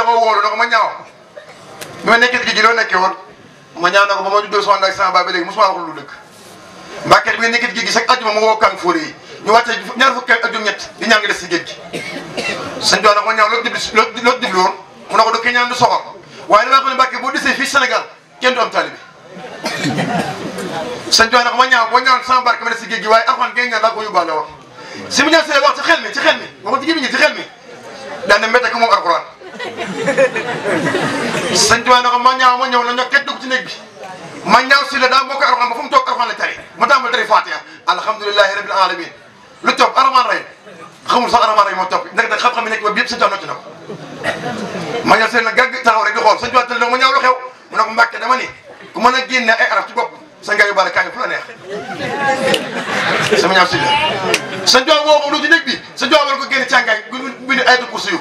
da nga wóolu na ma ñaaw bi ma nekkee géej gi loo nekkee woon ma ñaaw na ko ba ma juddoo sama ndax sama baay ba léegi mosuma wax lu dëkk mbàkket bi nga nekkee géej gi ma woo kan fóore yi ñu wàccee ñaar fukki ak ñett di ñaan nga si géej gi sëñ na ko ma ñaaw loolu jublu loolu jublu woon mu ne ko dëkk ñaan du soxor waaye damaa ne mbàkket boo desee fii Sénégal kenn du am taalibe sëñ doon na ko ma ñaaw boo ñaawoon sama barke ma des si géej gi waaye alxan ngay ñaan laa ko yóbbaale woon si mu ñaan see wax ci xel mi ci xel mi waxu ci gémmiñ ci xel mi daan na métte ko moom alxuraan sëñ Tuubaa ne ko ma ñaaw ma ñëw la ñoo kenn dugg ci néeg bi ma ñaaw si la daa mbokk arxaan ba fu mu toog arxaan la tari mu tàmbali tari Faatiha alhamdulilahi rabbil alamin lu topp arxaan rey xamul sax arxaan rey moo topp ndax nag xam-xam yi nekk boobu yëpp sëñ Tuubaa nocc na ko ma ñaaw si la gàgg taxaw rek di xool sëñ Tuubaa tëdd ma ñaaw lu xew mu ne ko Mbàkke dama ni ku mën a génne ay araf ci bopp sa nga yóbbaale kaay fu la neex sama ñaaw si la sa jox woo ko lu ci néeg bi sa jox wal ko génne càngaay gu bind ayatu kursi yu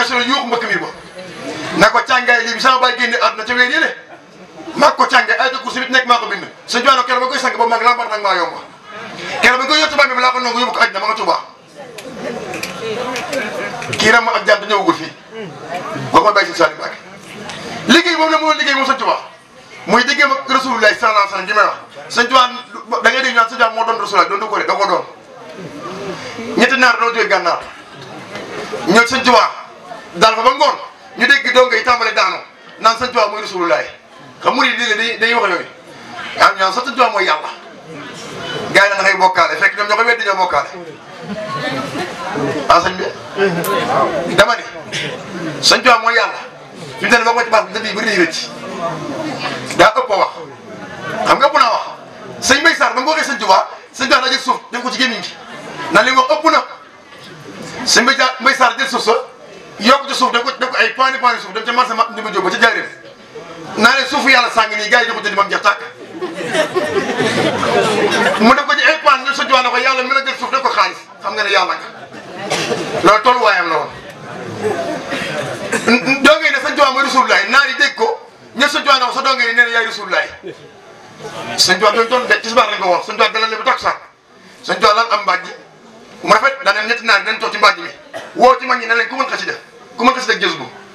desul yuux mbëkk mi ba na ko càngaay lii bi sama baay génne àdduna ca weer yële maa ko ay dëkku si bit nekk bind sëñ Joano keroog ba koy sang ba maa lambar nag maa yomb keroog ba koy yor tubaab bi ko nangu yóbbu ko ma nga Tuubaa ak jant ñëwagul fii ba ma la Rasulullah sallallahu wasallam da ngay Rasulullah ko da ko daal fa ba ngoon ñu dégg donga yi tàmbale daanoo naan sëñ Tuubaa mooy rasulullaay xam murid yi léegi dañuy wax yooyu am ñaan sëñ Tuubaa mooy yàlla yi na fekk ñoom ñoo koy weddi ñoo bokkaale ah sëñ bi dama ni sëñ Tuubaa mooy yàlla fi mu ne boo ko ci baax dëgg bëri nañu rëcc daa ëpp a wax xam nga ëpp naa wax sëñ Mbaye na ba nga waxee sëñ Tuubaa sëñ Tuubaa jël suuf def ko ci gémmiñ gi naan li wax ëpp na sëñ Mbaye Sarr jël yokk ci suuf da ko def ko ay points points suuf dem ca marché mat Ndimba Diop ba ca Njaaréem naa leen suufu yàlla sàng nii gars yi di ko jënd ba mu jeex tàkk mu def ko ci ay points ñu sojjwaat ne ko yàlla mi la jël suuf def ko xaalis xam nga ne yàlla nga loolu tolluwaayam la woon. doo ngay ne sa jowaan mooy Rasulullaay naar yi dégg ko ñëpp sa jowaan wax sa doo ngay ne yaay Rasulullaay sëñ jowaan doon doon de tisbaar lañ ko wax sëñ jowaan dalal la bi toog sax sëñ jowaan lan am mbàjj mu rafet daanaka ñetti naar dañ toog ci mbàjj mi woo ci mag ñi ne leen ku mën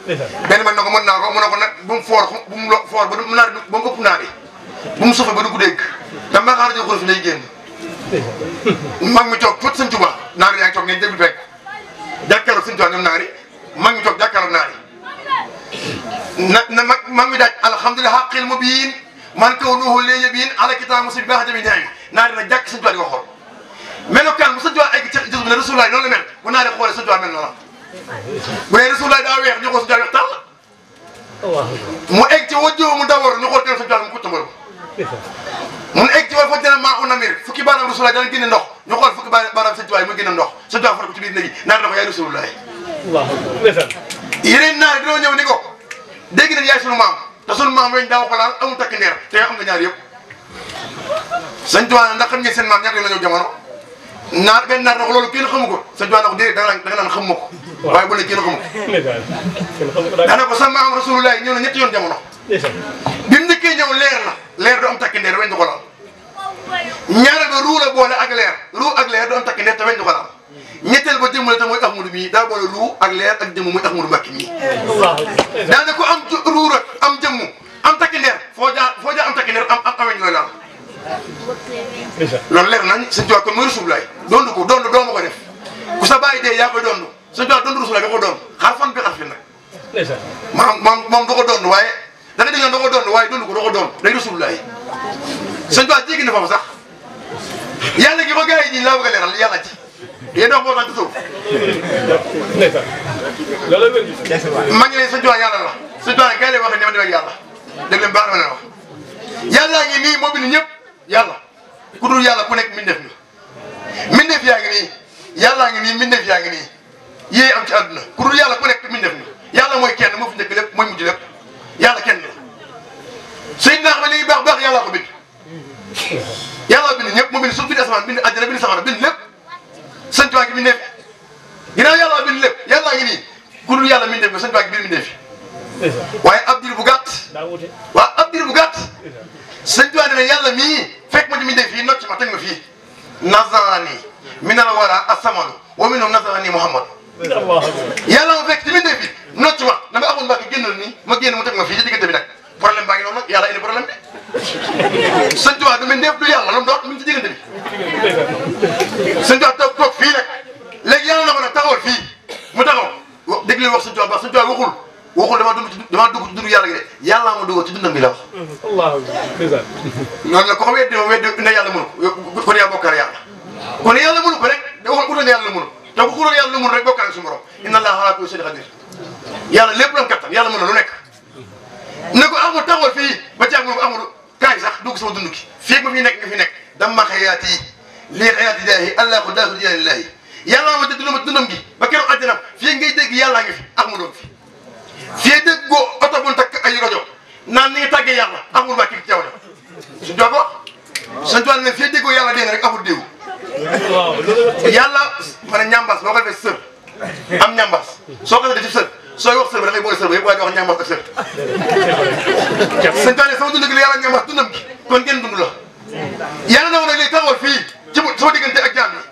benn man na ko mën naa ko mu ne nag bu mu foor bu mu foor ba mu naa ba mu ëpp naa bi bu mu suufee ba du ko dégg te mbaa xaar jox ko fi day génn mag mi toog tuuti sëñ Tuba naari yaa ngi toog ngeen déglu fekk jàkkaarloo sëñ Tuba ñoom naari mag mi toog jàkkaarloo naari na na mag mag mi daaj alhamdulilah xaqil mubiin man kaw bi léegi biin ala kitaabu si baax tamit ñaari naari nag jàkk sëñ Tuba di ko xool melokaan bu sëñ Tuba egg ca jël bi ne rasulaay noonu naari xoolee sëñ Tuba mel noonu bu dee Rasulullah daa weex ñu xool su jaay mu egg ci wajjoo mu dawar ñu xool teel sa jaay mu kutt mbal mu egg ci wàllu fa jëlee maa unamir fukki baaraam Rasulullah dana génne ndox ñu xool fukki baaraam Sëñ Tuubaa mu génne ndox Sëñ Tuubaa far ko ci biir néeg yi naan na ko yaay Rasulullah yeneen naar dañoo ñëw ni ko dégg nañ yaay sunu maam te sunu maam weñ daaw ko laal amul takk ndeer te yow am nga ñaar yëpp Sëñ Tuubaa ndax xam ngeen seen maam ñaata yoon la ñëw naar benn naar na ko loolu kenn xamu ko sëñ Tuubaa na ko déedéet da nga naan da nga naan xamu ma ko. waaye bu ne kenn xamu ko. daanaka ko sax maam Rasulullah ñëw na ñetti yoon jamono. bi mu njëkkee ñëw leer la leer du am takk ndeer weñ du ko laal. ñaareel ba ruu la boole ak leer ruu ak leer du am takk ndeer te weñ du ko laal. ñetteel ba jëmm la te mooy Ahmadu mii daa boole ruu ak leer ak jëmm muy Ahmadu Mbàkke mii. daanaka ko am ruu rek am jëmm am takk ndeer foo jaa foo jaa am takk ndeer am am aweñ looy laal. loolu leer nañ sëñ Tuubaa kon mooy Rasulullaay dondu ko dondu doomu ko def ku sa bàyyi dee yaa koy dondu sëñ Tuubaa dondu Rasulullaay nga ko doon xar fan bi xar fin nag maanaam moom moom da ko doon waaye da nga déggoon da ko doon waaye dondu ko da ko doon day Rasulullaay sëñ Tuubaa jéggi na foofu sax yàlla gi ba gars yi ñi laa bëgg a leeral yàlla ci yéen dox boo sant suuf maa ngi ne sëñ Tuubaa yàlla la sëñ Tuubaa kay lay wax ne ma demee ak yàlla dégg leen baax na ma leen wax yàlla ngi nii moo bind ñëpp yàlla ku dul yàlla ku nekk mbindeef nga mbindeef yaa ngi nii yàllaa ngi nii mbindeef yaa ngi nii yéey am ci àdduna ku dul yàlla ku nekk mbindeef nga yàlla mooy kenn moo fi njëkk lépp mooy mujj lépp yàlla kenn la suy naax ma li baax baax yàlla ko bind yàlla bind ñëpp mu bind suuf bind asamaan bind àjjana bind safara bind lépp sëñ Tuubaa gi mbindeef ginnaaw yàlla bind lépp yàllaa ngi nii ku dul yàlla mbindeef nga sëñ Tuubaa gi waaye ab diir bu gàtt waaw ab diir bu gàtt sëñ Tuubaa ne yàlla mii fekk ma ci mi def fii ma teg ma fii nazarani minal wara na wa minhum nazarani muhammadu yàlla ma fekk ci mi def fii nocc ma dama amoon mbaa ki génnoon nii ma génn mu ma fii ci diggante bi nag problème baa ngi noonu nag yàlla indi problème bi sëñ Tuubaa du mi def du yàlla lam doot mi ngi ci diggante bi sëñ Tuubaa toog toog fii nag léegi yàlla na ko nag taxawal fii mu taxaw dégg leen wax sëñ Tuubaa baax sëñ Tuubaa waxul waxul dama dund ci dama yàlla gi de yàlla ma dugal bi la wax waaw dèjà. noonu la ko xam ne weddi na yàlla mënu ko kon yaa bokkaale yàlla. kon yàlla mënu ko rek da nga ko ne yàlla mënu te ku xuloon yàlla mënu rek bokkaale suñu borom. inna allah ala kulli shay'in qadir yàlla lépp lam kattan yàlla mën na lu nekk. ne ko amul taxawal fii ba caag moom amul kaay sax dugg sama dund ki fii ma fi nekk nga fi nekk dama xayaati lii xayaati daahi allah ko daahu diyaani laahi yàlla ma sëñ Talla sama dund gi la yàlla ngeen wax dundam gi kon ngeen dund la yàlla na woon nag léegi taxawal fii ci sama diggante ak jaam yi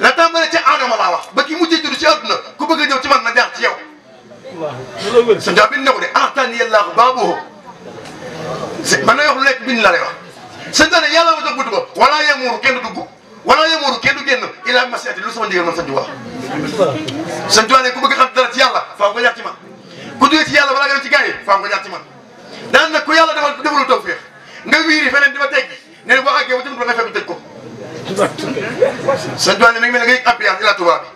la tàmbale ca Adama laa wax ba ki mujjee juddu ci àdduna ku bëgg a ñëw ci man na jaar ci yow sa jaam bi ne ko de axtaan yàllaahu baabuhu man na wax lu nekk bind la lay wax sëñ Talla yàlla ma jox bunt ba wala yamuuru kenn du dugg wala yamuuru kenn du génn ilaa masiati lu sama ndigal man sëñ Tuubaa sëñ Tuubaa ne ku bëgg xam jógee ci yàlla balaa nga dem ci gars yi faam nga jaar ci man daan nag ku yàlla defal defalul tawfeex nga wiiri feneen di ma teggi ne boo àggee ba tamit ba nga fekk tëj ko sëñ Tuubaa ne nag mel ne ngay appuyé ila Tuubaa bi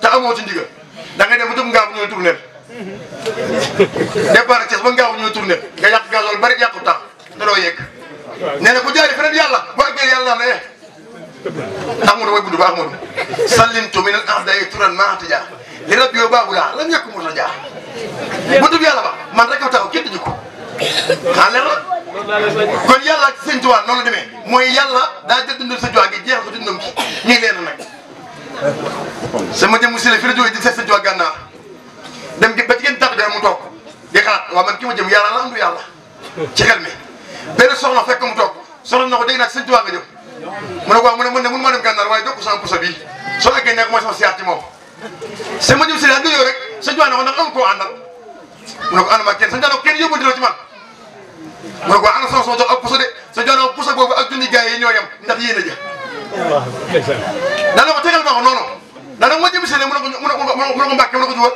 te amoo ci ndigal da ngay dem ba tub ngaabu ñooy tourné départ Thiès ba ngaabu ñooy tourné nga yàq gasool bari yàqu tax te doo yegg nee na ku jaari feneen yàlla boo àggee yàlla naan la eh Amadou way gudd ba Amadou sallintu min al ahdayi turan maatija li rab yoo baabu laa lan buntu bi yàlla ba man rek a taxaw kenn duñu ko xanaa leer la kon yàlla ak sëñ Tuubaa noonu la demee mooy yàlla daa jël dundal sëñ a gi jeex ko dundam gi ñu ngi leen nag. sama jëm si fi la jógee di seet sëñ Tuubaa gànnaar dem ba ci kenn tax dara mu toog di xalaat man ki ma jëm la am du yàlla ci xel mi benn soxna fekk mu toog soxna na ko dégg naa sëñ Tuubaa nga ko waaw mu ne man de mënuma dem gànnaar waaye jokk soo eggee nekk mooy sama siyaar ci si la ak rek sëñ ne ko ndax am koo àndal mu ne ko ànd ma kenn sa jaanoo kenn yóbbu dina ci man mu ne ko ana sama sama jox ak puso de sa jaanoo puso boobu ak junni gars yi ñoo yem ndax yéen a jë daana ko tegal ma ko noonu daana ma jëm seen mu ne ko mu ne ko mu ne ko mbàkke mu ne ko juwal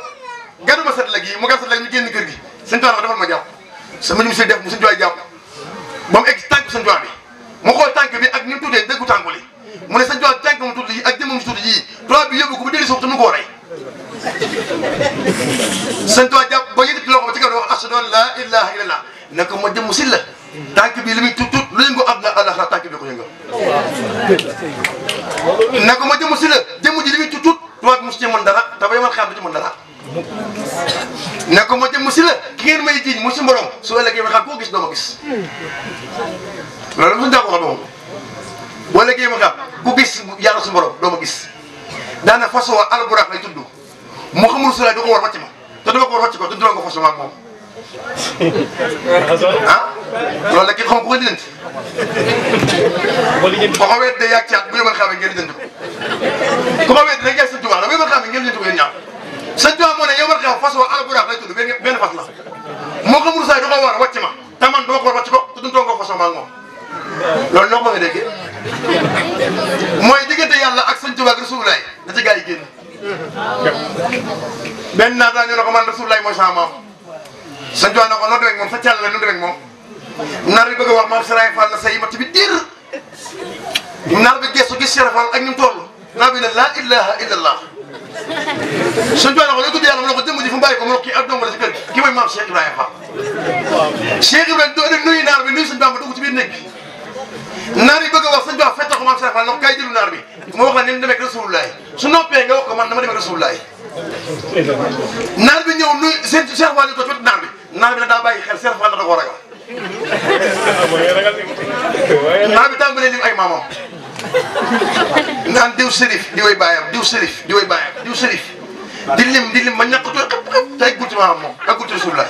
gàddu ma set la gi mu gàddu set la gi ñu génn kër gi sëñ tuwaa defal ma jàpp sama ñu si def mu sëñ tuwaa jàpp ba mu egg si tànk sëñ tuwaa bi mu xool tànk bi ak ni mu tuutee dëggu tànk li mu ne sëñ tuwaa tànk mu tuuti yi ak jëmmam si tuuti yi tuwaa bi yóbbu ko bu dégg suuf te mu ko rey sëñ tuwaa la ilaha illallah nak mo dem musilla la bi limi tut tut lu ngi abna allah àllaxira tànk bi ko ngi naka ma jëm si la ah loolu la ki xam ku ko lijjanti. boo ko weddee yàgg caat bu yebal xamee ngeen lijjanti ko ku ma weddee naar yi bëgg a wax sëñ bi wax fekk ko maam Cheikh Fall na ko kaay jëlu naar bi ma wax la ni mu demee ak Rasulullah su noppee nga wax ko man dama demee ak Rasulullah naar bi ñëw nuyu seen Cheikh Fall ñu ko ci naar bi naar bi nag daa bàyyi xel Cheikh Fall na da koo ragal naar bi tàmbalee lim ay maamam naan diw sërif di way bàyyam diw sërif di way bàyyam diw sërif di lim di lim ma ñàkk a tuur xëpp xëpp te ay guddi maamam moom ak guddi Rasulullah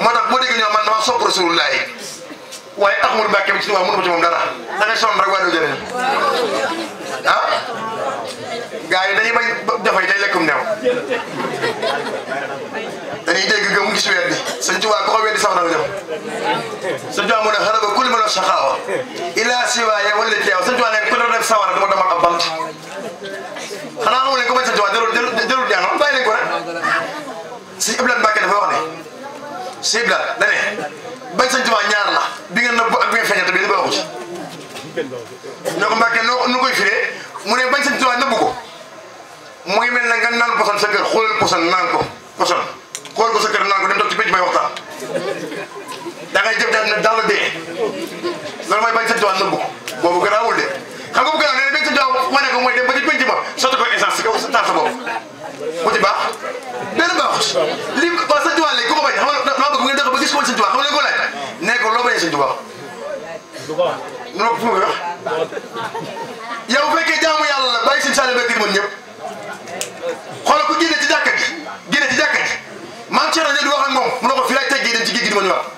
moo tax boo déggee ñoom man dama sopp rasulullah yi waaye Ahmadou Mbacke bi ci Tuubaa mënuma ci moom dara da ngay sonn rek waa doo jëriñ ah gars yi dañuy bañ dafay day lekkum neew dañuy dégg gëm gis weer bi sëñ Tuubaa ko ko weddi sax na nga dem sëñ Tuubaa mu ne xaraba kulli man saxaawa ila siwaaya wala teew sëñ Tuubaa ne ku doon def sawara dama dama ab bant xanaa xamu ne ko bañ sëñ Tuubaa jarul jarul jarul ñaanal bàyyi leen ko rek sëñ Ibrahima Mbacke dafa wax ne sëñ bi daal da ne bañ sañ tubaab ñaar la bi ngeen nëbbu ak bi ngeen feeñal te bi ngeen baaxu ci ñoo ko mbàkkee noo nu mu ne bañ sañ tubaab nëbbu ko mu ngi mel ne nga naan poson sa kër xoolal poson naan ko poson xool ko sa kër naan ko dem toog ci pénc may waxtaan da ngay jëf daal ne daal la dee loolu mooy bañ sañ tubaab nëbbu ko boobu garaawul de xam nga bu garaawul ne wane ko mooy dem ba ci pénc ma sotti ko essence si kaw sa bu ci baax benn baaxut li waa sëñ Tuubaa léegi ku ko bañ xam nga dama bëgg ngeen dëkk ba gis ko sëñ Tuubaa xam nga ko laaj ne ko loo bañee sëñ Tuubaa non fu mu wax yow bu fekkee jaamu yàlla la bàyyi sëñ Saliou Mbacké mën ñëpp xoolal ku génne ci jàkka ji génne ci jàkka ji maam Thierno di wax ak moom mu ne ko fii laay teggee dem ci géej gi di ma ñëwaat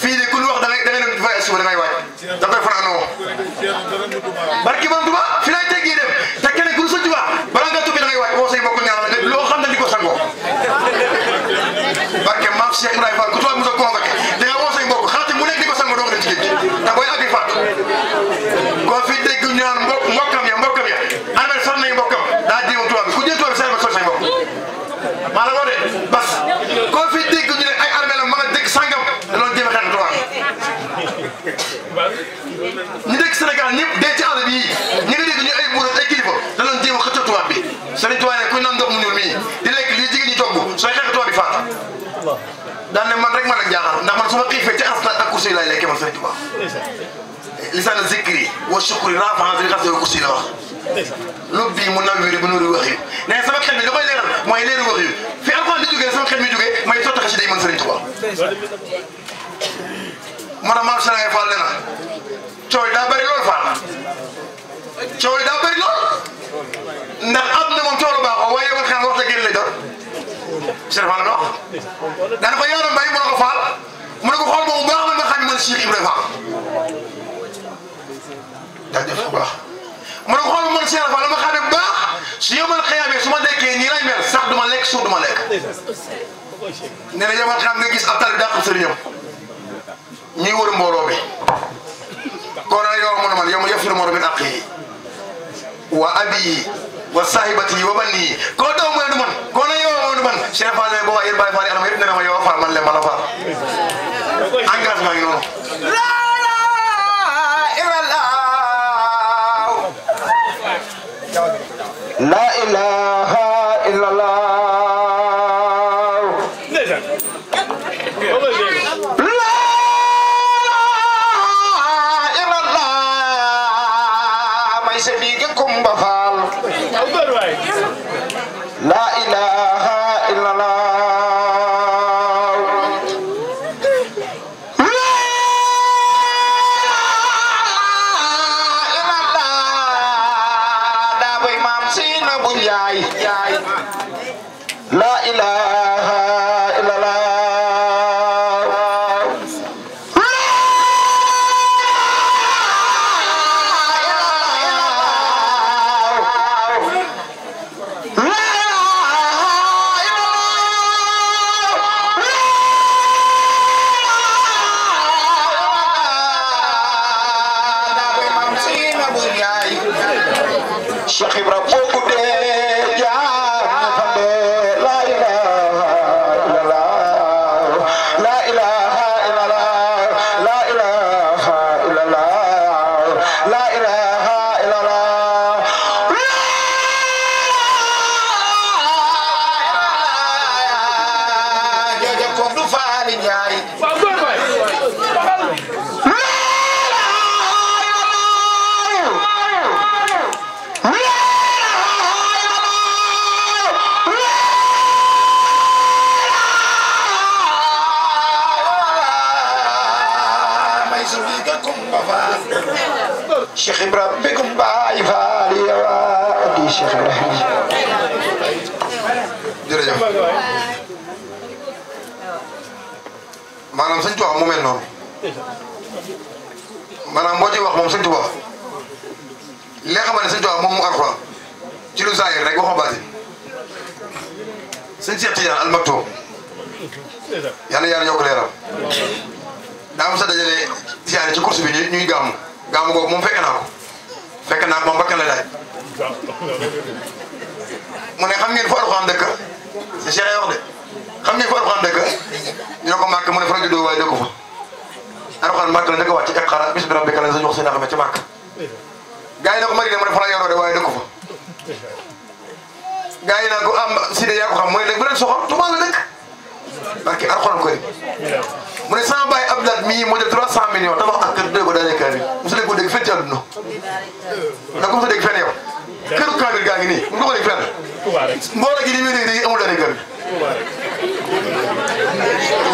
fii de ku ñu wax da ngay da ngay dem voyage suba da ngay waaj da koy fanaanoo barki moom Tuubaa fii laay teggee dem te kenn ku ñu sëñ Tuubaa sëñ ba ko ñaanal loo xam ne di ko sangoo barke maam Cheikh Ibrahima kursi laay lay kemal Sëriñ Tuba lisaan zikri wa shukri rafa bi xas yow kursi la wax lu bii mu naw wiri bu nuuri wax yi ne sama xel mi li koy leeral mooy leeru wax yi fi alquran di jógee sama xel mi jógee may sotti xasi day mën Sëriñ Tuba moo tax maam Sëriñ ngay Fall ne na coow daa bëri lool Fall coow daa bëri lool ndax am na moom coow baaxoo waaye yow nga xam waxta génn lay doon Sëriñ Fall la wax daanaka yow da nga bàyyi mën ko Fall mu ne ko xool boobu baax man ma xam ne man Cheikh Ibrahima daal def bu baax mu ne ko xool man Cheikh Ibrahima ma xam ne baax su yomal xëyaamee su ma nekkee nii lay mel sax du ma lekk suuf du ma lekk nee na yomal xam nga gis ab talib dàqam sëriñam ñuy wër mbooloo bi kon nag yow man man yow ma yafiru moromin ak yi wa abi wa sahibati wa bani koo daw mooy du man koo na yow mooy du man Cheikh Fall ba waa yéen Baye Fall anam yëpp nee na ma yow Fall man leen ma la Fall La ilaha لا Cheikh Ibrahima bégum baay faal yawa di Cheikh Ibrahima jërëjëf maanaam sëñ Tuubaa mu mel noonu maanaam boo ci wax moom sëñ Tuubaa li nga xam ne sëñ Tuubaa moom mu alxuraan ci lu zaahir rek waxu baatin sëñ Cheikh Tidiane Almaktoum yal na yàlla yokk leeram daa am sa dajale siyaare ci course bi ñuy gàmm gàmmu googu moom fekk naa ko fekk naa ko moom bakkan la daal mu ne xam ngeen fa Alxuraan dëkk si Cheikh wax de xam ngeen fa Alxuraan dëkk ñu ne ko màkk mu ne fa la juddoo waaye dëkku fa Alxuraan màkk la dëkk wàcc iqra bismi rabbika la sa wax seen axame ci màkk gaa yi na ko Madina mu ne fa la yoroo de waaye dëkku fa gaa yi naa ko am si de yaa ko xam mooy nag bu leen soxor tubaab la dëkk barke alxuraan ko mu ne sama baay Abdoulaye mii moo jël 300 millions tabax ak keur deugo dalé daanee kaamil mosu leen ko dégg fenn ci àdduna ndax ko mosu dégg fenn yow keur ko gaa ngi ni mu ko dégg fenn mbooloo gi ni mi dégg dégg amul dalé kaamil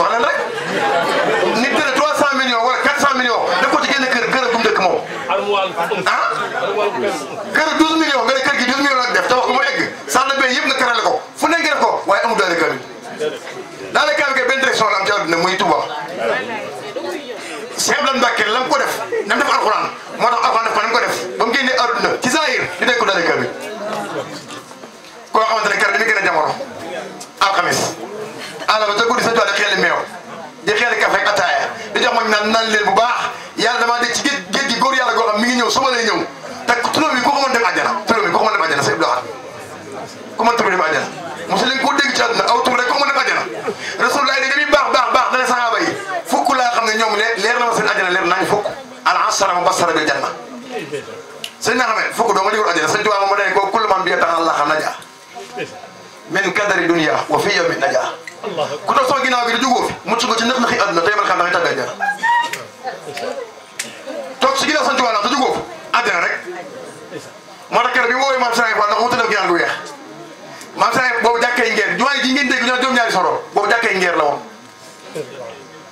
wala leen rek nit 300 millions wala 400 millions da ko ci génn kër kër gum dëkk moom ah keur 12 millions nga keur gi 12 millions la def tabax ko àdduna muy Tuuba Cheikh Abdoulaye Mbacke la mu ko def na mu def alxuraan moo tax alxuraan def ko na mu ko def al mo mubashshara bil janna sayyidina xamé fuk do digul ajana sayyidina wa mo ko kul man bi ta'ala khanaja min kadari dunya wa fi yawmin naja ku do so ginaaw bi jugo fi mu ko ci na naxi aduna tay man xam da tagaj jara tok ci ginaaw sayyidina wa ta jugo adana rek mo rek bi woy ma sayyidina wa na wutu def yandu weex maam sax boobu jàkkee ngeer ji ngeen deg ñoo ñaari soro boobu jàkkee ngeer la woon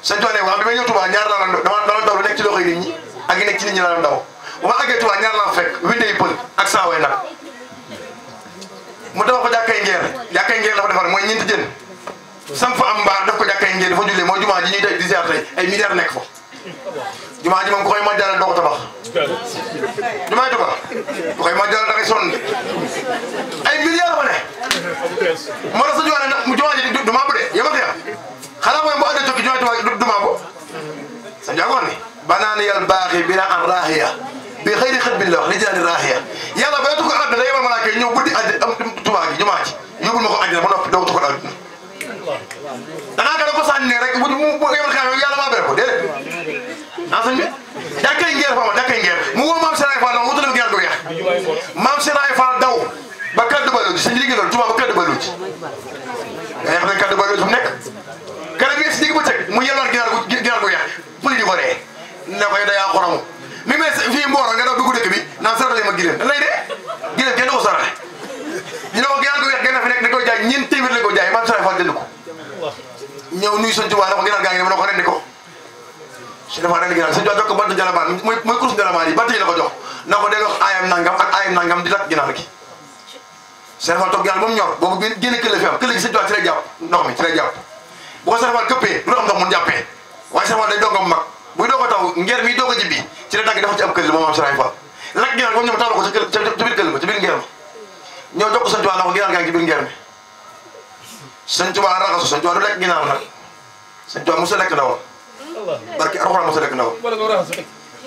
sëñ Tuubaa ne waaw bi may ñëw ñaar la dama dama daw nek ci xey nit ñi ak yi nekk ci nit ñi la ndaw a ma àggee ñaar laa fekk winde yi pël ak saaway nag mu dafa ko jàkkay ngeer jàkkay ngeer dafa defar mooy ñeenti jën sam fa am mbaar daf ko jàkkay ngeer dafa jullee mooy jumaa ji ñuy tey di ziar tey ay milliards nekk fa jumaa ji moom ku koy ma jaral doo ko tabax jumaa Tuubaa ku koy ma jaral ay milliards fa ne moo jumaa mu jumaa ji du maa bu de yama xeex xanaa mooy bu àggee tokki jumaa Tuubaa du maa bu sa jaagoon بناني الباغي بناء راهية بخير خدم الله لجان راهية يلا بيتوك عبد لا يوم ملاك نيو بدي تباغي جماعي يقول لك أجل من أفضل دوتك العبد أنا كنا كوسان نيرك بدي مو مو يوم كانوا يلا ما بيركو ده أصلاً da kay ngeer fama da مو ngeer mu wo مو seray fa دويا wutul ngeer do ya mam seray fa daw ba kaddu baloji señ ligi lol tuma منك ne ko da yaa xorom mi mes orang, mboora nga daw dugg dëkk bi naan sarale ma gileem lay de gileem kenn du ko sarale ñu ne ko ginaar gu weex gën a fi nekk da koy jaay ñeent téeméer la ko jaay maam Sëriñ Fall jënd ko ñëw nuyu sëñ Tuubaa ne ko ginaar gaa ngi ne ma ne ko rendi ko dafa rendi ginaar sëñ Tuubaa ko bant jalamaan mooy mooy kurus jalamaan yi bant la ko jox na ko delloo ayam nangam ak ayam nangam di lakk ginaar gi Sëriñ Fall toog yàlla moom ñor boobu bi génn fi am kële gi sëñ Tuubaa ci lay jàpp ndox mi ci lay jàpp bu ko Sëriñ Fall këppee lu am ndox mun jàppee waaye Sëriñ Fall day dongam mag buy doog a taw ngeer mi doog a jibbi ci la dagg dafa ci am këll moom am Sëriñ Fall lak ngeer moom ñoom taw ko ca ngeer ma ñoo jox ko Sëriñ Tuubaa na ko ginaar gaa ngi mi Sëriñ Tuubaa raxasu Sëriñ Tuubaa lekk ginaar nag Sëriñ Tuubaa mosul lekk lekk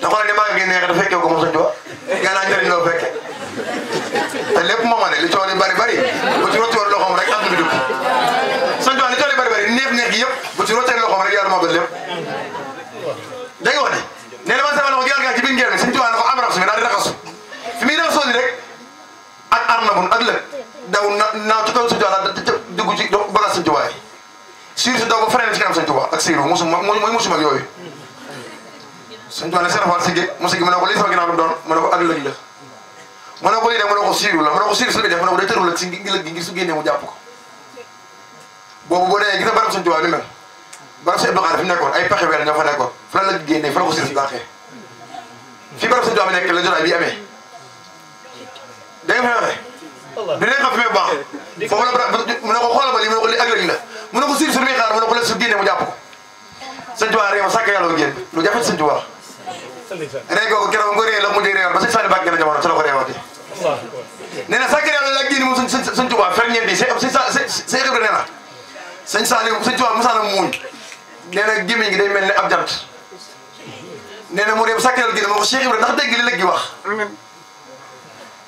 ndawam da ko ne maa ngi neex da fekkee ko moom Sëriñ Tuubaa gaa naa njëriñ loo fekke te lépp moom siiri si daw ba feneen ci kanam sëñ Tuubaa ak siiru musu mooy musu mag yooyu sëñ Tuubaa ne seen faal sigge mu sigge mu ne ko lii sama ginnaaw lu mu ne ko ak lëg la mu ne ko lii de mu ne ko siiru la mu ne ko siiru si la def mu ne ko day tëru la si lëg gi ngir su génnee mu jàpp ko boobu boo nee gis nga barab sëñ Tuubaa bi mel barab sëñ Abdou Khadre fi mu nekkoon ay pexe weer ñoo fa nekkoon fa la lëg fi ma waxee du nekk fi may rey googu keroog nga réer la mujjee réewal ba sëñ Saliou Mbacké gën a jamono ci la ko réewati nee na sàkkar yàlla ak génn moom suñ suñ Tuubaa ferñeent yi sëñ Cheikh Ibra nee na sëñ Saliou sëñ Tuubaa mosaana muuñ nee na gémmiñ gi day mel ne ab jant nee na mu réew sàkkar yàlla génn moo ko Cheikh Ibra ndax dégg li lëggi wax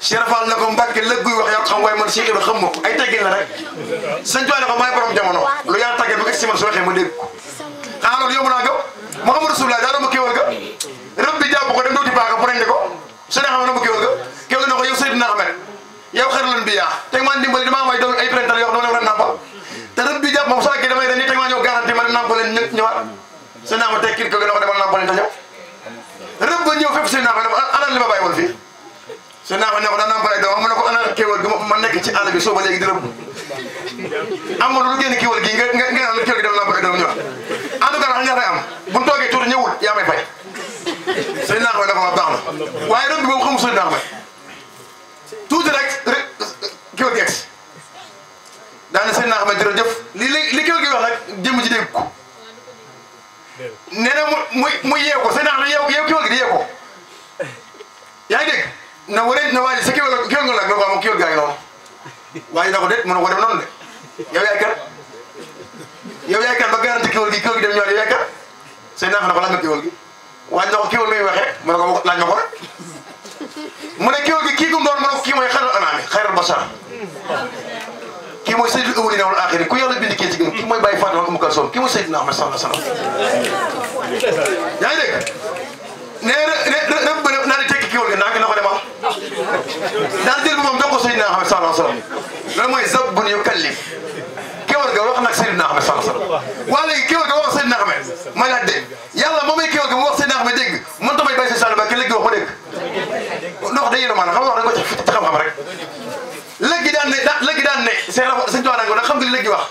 Cheikh Fall na ko Mbàkke lëgguy wax yaa ko xam waaye man Cheikh Ibra xam ma ko ay teggin la rek sëñ Tuubaa ne ko maay borom jamono lu yàlla tàggee bu egsi man su waxee ma dégg ko xanaa loolu yomb naa gaw Muhammadu Rasulullah daa doon ma kéewal ga rëbb bi jàpp ko dem dootu paaka pour rendi ko su ne xam na mu kéwél ga kéwél na ko yow Seydina Ahmed yow xarlan bi yaa teg maa dimbali damaa may doom ay prental yoo xam ne ren nampal te rëbb bi jàpp moom soo kii damay ren ni teg maa ñëw garanti ma dem nampal leen ñëpp ñëwaat su ne xam teg kii ko gën a ko demal nampal leen te ñëw rëbb ba ñëw fépp Seydina Ahmed anal li ma bàyyi woon fii su ne xam ne ko daa nampal ay doom mu ne ko anal kéwél gi ma nekk ci àll bi soo ba léegi di rëbb amul lu génn kéwél gi nga nga nga xam gi dem nampal ay doom ñëwaat en am bu ñu toogee tuuti ñëwul may fay sëñ Naar ma ne ko wax baax na waaye rëbb bi moom xamul sëñ Naar ma tuuti rek rek kii war gees daanaka sëñ Naar ma jërëjëf li li li kii war gees wax rek jëmm ji dégg ko nee na mu mu mu yee ko sëñ Naar ma yeewu yeewu kii war gi di yee ko yaa ngi dégg na waree na waa ji sa kii war kii war nga la ak nga ko amoo kii war gaa ngi la wax waaye na ko déet mën na ko dem noonu de yow yaay kan yow yaay kan ba garanti kii war gi kii war gi dem ñëwaat yow yaay kan sëñ Naar ma ne ko lan nga kii war gi. من كيو دي كيغو ندور مانو كيما يخلو انامي خير البشر كيما سيد الاولين والاخرين كو يالله بيندي كيتيغن كيما باي فاطمه كوم كالسون كيما سيد نعم صلى الله عليه وسلم يا ديك نير نير نبا نبا نادي تيك كيو لي ناغي نخو ديما دال ديل موم دوكو سيد نعم صلى الله عليه وسلم لو موي زب يكلف كيما غا واخ نك سيد نعم صلى الله عليه وسلم والي كيما غا واخ سيد نعم ما لا دي يلا مامي كيما غا واخ maana xam wax dañ ko ci xam-xam rek léegi daan ne da léegi daan ne Cheikh Rafa sëñ Tuubaa naan ko da xam nga léegi wax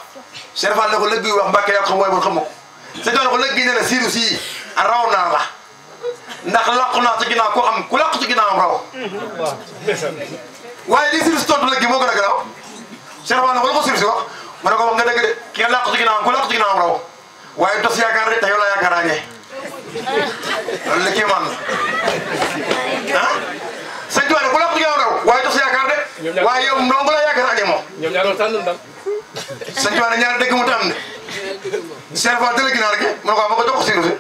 Cheikh Rafa ne ko léegi wax Mbàkke yaa ko xam waaye bon xam ma ko sëñ Tuubaa ne ko léegi ne la siiru sii raw naa la ndax làqu naa ci ginnaaw koo xam ku làqu ci ginnaaw am raw waaye di siiru si tontu léegi moo gën a garaaw Cheikh Rafa ne ko la ko siiru si wax mu ne ko wax nga dëgg de ki nga làqu ci ginnaaw ku làqu ci ginnaaw am raw waaye tos yaakaar rek te yow laa yaakaar ràññee loolu la kéemaan la waaye yow ndongo la yaakaar ak moom. ñoom ñaar doon tànn ndam. sëñ Ba ne ñaar dëgg mu tànn. Cheikh Fall dëgg ginaar gi mu ne ko ah ma ko jox ko siiru si.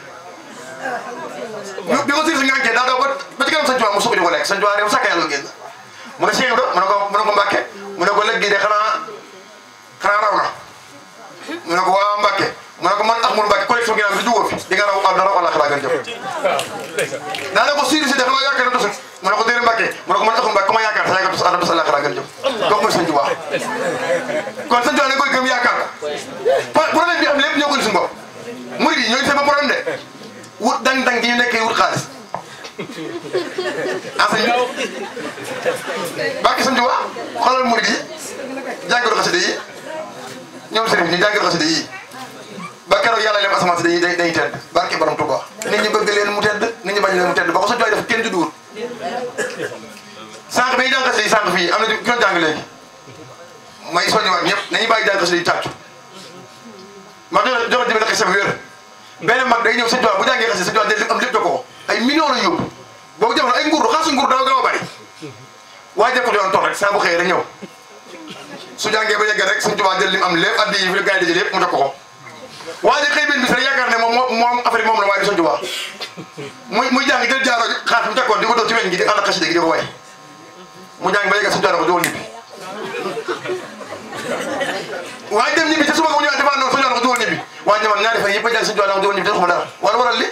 bi ko siiru si ngànkee daa daw ba ba ci kanam sëñ Ba mu sukk di ko lekk sëñ Ba réew sàkk yàlla génn mu ne Cheikh Ibrahima mu ne ko mu ne ko Mbacke mu ne ko léegi de xanaa xanaa raw na mu ne ko waa Mbacke mu ne ko man Ahmadou Mbacke collection ginaar bi di jógoo fi di nga raw am na raw àll xalaat gën jëm. daanaka siiru si de xanaa yaakaar na mu ne ko déedéet Mbacke mu ne ko man taxul Mbacke ku ma yaakaar sa yaakaar sa àdduna sa àllaaxira gën jëf donc mooy sëñ Tuubaa kon sëñ Tuubaa ne koy gëm yaakaar ko problème bi am lépp ñoo ko suñu bopp murid yi ñooy sama problème de wut dang-dang gi ñu nekkee wut xaalis enseigne Mbacke sëñ Tuubaa xoolal murid yi jàngiru xasida yi ñoom sëriñ ñu jàngiru xasida yi ba keroog yàlla lem asamaan si dañuy day tedd barke borom Tuubaa nit ñi bëgg leen mu tedd nit ñi bañ leen mu tedd ba ko sëñ Tuubaa def kenn judduwul jàng bay jàng xasida yi sànq fii am na ku doon jàng léegi may soññiwaat ñëpp nañu bàyyi jàng xasida yi ma jox jox jëme xasida bi wér benn mag day ñëw sëñ Tuubaa bu jàngee xasida sëñ Tuubaa day am lépp jokkoo ay millions la yóbbu boobu jamono ay nguur xaasu nguur daaw gaaw a bari waaye jëkk doon toog ñëw su jàngee ba yeggee rek sëñ Tuubaa li mu am lépp addi yi fi lu gars yi dajale yëpp mu jox ko waaye xëy benn bis rek yaakaar ne moom moom affaire moom na waaye du sëñ Tuubaa muy muy jàng jël jaaro xaar mu tekkoon di ko doon ci gi di ànd di ko way mu jàng ba yegg si jaara ba joxul ñibbi waaye dem ñibbi te suba nga mu ñëwaat damaa noonu sa jox na ko joxul ñibbi waaye ñëwaat ñaari fan yëpp a jàng si jox na ko joxul ñibbi te xamul dara war waral li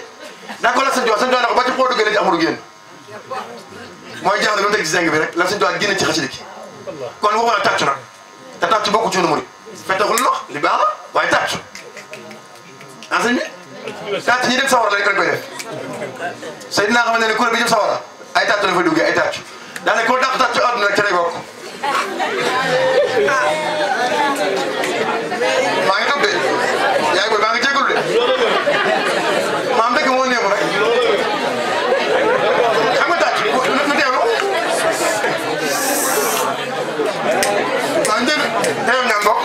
daa ko la sa jox sa jox na ko ba ci xóotu gën a ci amul génn mooy jaaxle ba mu teg ci zeng bi rek la sa jox génn ci xasida gi kon waxu la tàccu nag te tàccu bokku ci numéro fetaxul lox li baax la waaye tàccu enseigné tàcc ñi dem sawara la rek lañ koy def Seydina xam ne ne kuréel bi jëm sawara ay tàccu la fay duggee ay tàccu daanaka koo dàq tàcc ci àdduna rek ca lay bokk maa ngi topp de yaay booy maa ngi jégalu de maam dëgg moo neexu rek xam nga tàcc na teewlu maa ngi dégg teewlu ñaan bokk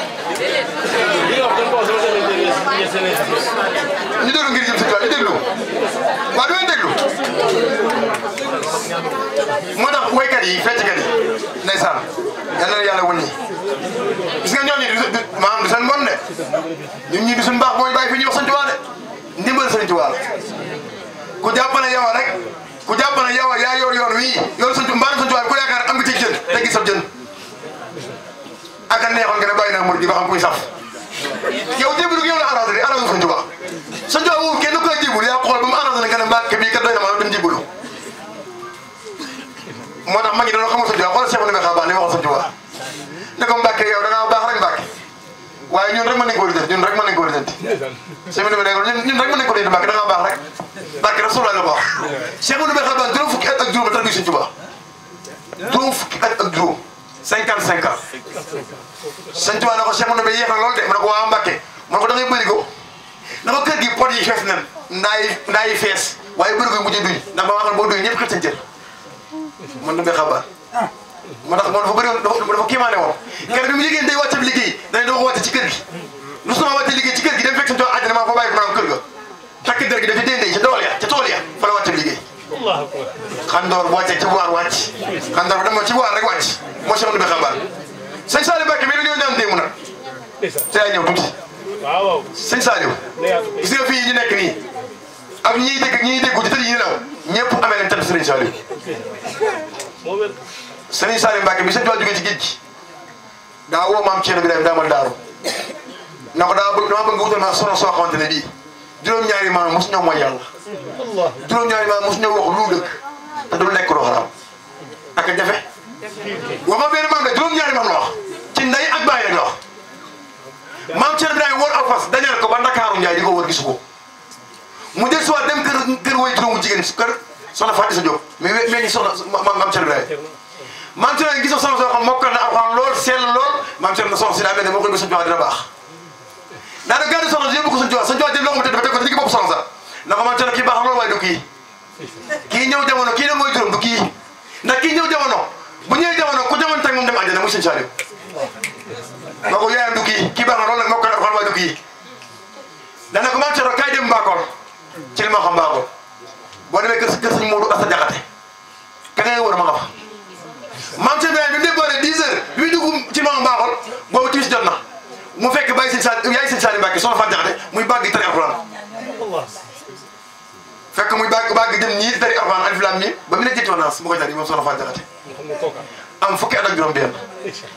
moo tax waykat yi fecckat yi ndeysaan yal na yàlla wëññi gis nga ñooñu du maanaam du seen mbon de ñun ñii du suñu baax mooy bàyyi fi ñuy wax Sëñ Tuubaa de ndimbal Sëñ Tuubaa ku jàppale yow rek ku jàppale yow yaa yor yoon wii yor Sëñ Tuubaa mbaaru Sëñ Tuubaa bi ku yaakaar am nga ci jën te gis sa jën ak a neexoon nga ne bàyyi naa mur gi ba xam di saf yow jébbalu a la arrangé arrangé Sëñ Tuubaa Sëñ Tuubaa boobu kenn ku la jébbal yaa xool ba mu mana tax ma ngi doon xamal sa jiwaa xoolal Cheikh Ndoumbé Kaba li ma waxoon sa ne ko Mbacke yow da ngaa rek Mbacke waaye ñun rek mën ko def ñun rek mana yang ko lijjanti Cheikh Ndoumbé Kaba ñun rek mën yang ko lijjanti Mbacke da ngaa baax rek Mbacke Rasulullah la ko wax Cheikh Ndoumbé Kaba juróom fukki at ak juróom tarbi Sëñ Tuubaa juróom fukki at ak juróom cinquante cinquante Sëñ Tuubaa ne ko Cheikh Ndoumbé yéex na loolu de mu ne ko Mbacke mu ne da ngay ko kër gi pot yi mën na nga xabaar ah. moo tax moom dafa bëri woon dafa kiimaane woon ah. kenn bi mu yëgeen day wàcce liggéey dañ doo ko wàcce ci kër gi lu suma wàcce liggéey ci kër gi dem fekk suñu tool àjjana maa fa bàyyi ko kër ga takk dër gi dafa déndey ca ya ca tool ya fa la wàcce liggéey xandoor bu wàccee waar wàcc xandoor dama ci waar rek wàcc moo si mën na xabaar sëñ Saliou Mbacke mi dañoo te ay ñëw tuuti waaw sëñ Saliou gis nga fii ñu nekk nii ak ñiy dégg ñiy déggu di tëj ñi ñepp amé leen tam Serigne Saliou Serigne Saliou Mbacke bi sa Tuubaa jógee ci géej da wo mam ci Thierno bi daal daa mën daaru na ko daa bëgg dama wutal naa solo so xamante ne bii juróom-ñaari maam mosu ñoo mooy yalla djuroom ñaari maam mosu ñoo wax lu dëkk da du lekk loo xaraam ak jafe wa ma bëne maam da djuroom ñaari maam wax ci nday ak bàyyi rek wax mam ci bi daay wóor aw ko ba Ndakaaru ñay di wor wóor mu jël si kër way juróom jigéen si kër soxna Fatou Issa Diop mais mais ni soxna maam Thierno Ibrahima maam Thierno Ibrahima gisoo soxna soo xam mokkal na alxuraan lool sell lool maam Thierno soxna si daa mel ne moo ko yóbbu sa jox dina baax daa na gàddu soxna si yóbbu ko sa jox sa jox jël loxo mu tëdd ba teg ko ci bopp soxna sa na ko maam Thierno kii baax lool waaye du kii kii ñëw jamono kii ne mooy juróom du kii ndax kii ñëw jamono bu ñëwee jamono ku jamono teg moom dem àjjana muy sëñ Saliou na ko yaayam du kii kii baax na lool nag mokkal na alxuraan waaye du kii dana ko maam Thierno kaay dem Mbakor ci li ma xam baa ko boo demee kër kër sëñ Modou Assa Jaxate ka ngay war ma nga fa maam Cheikh Ibrahima bi mu déggoo dix bi mu dugg ci maam baaxoon boobu timis jot na mu fekk bàyyi si saal yaay seen saali Mbàkke soxna Fatou Jaxate muy bàgg tari alxuraan fekk muy bàgg bàgg dem nii tari alxuraan alif laam mii ba mu ne jëti wanaas mu ko jari moom soxna Fatou Jaxate am fukki at ak juróom benn